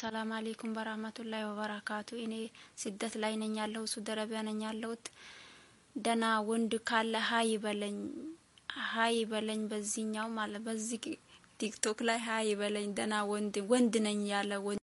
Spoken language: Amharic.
ሰላም አሌይኩም በራህመቱላሂ ወበረካቱ። እኔ ስደት ላይ ነኝ ያለሁ ሳውዲ አረቢያ ነኝ ያለሁት። ደህና ወንድ ካለ ሀይ በለኝ ሀይ በለኝ በዚህኛው ማለት በዚህ ቲክቶክ ላይ ሀይ በለኝ ደህና ወንድ ወንድ ነኝ ያለ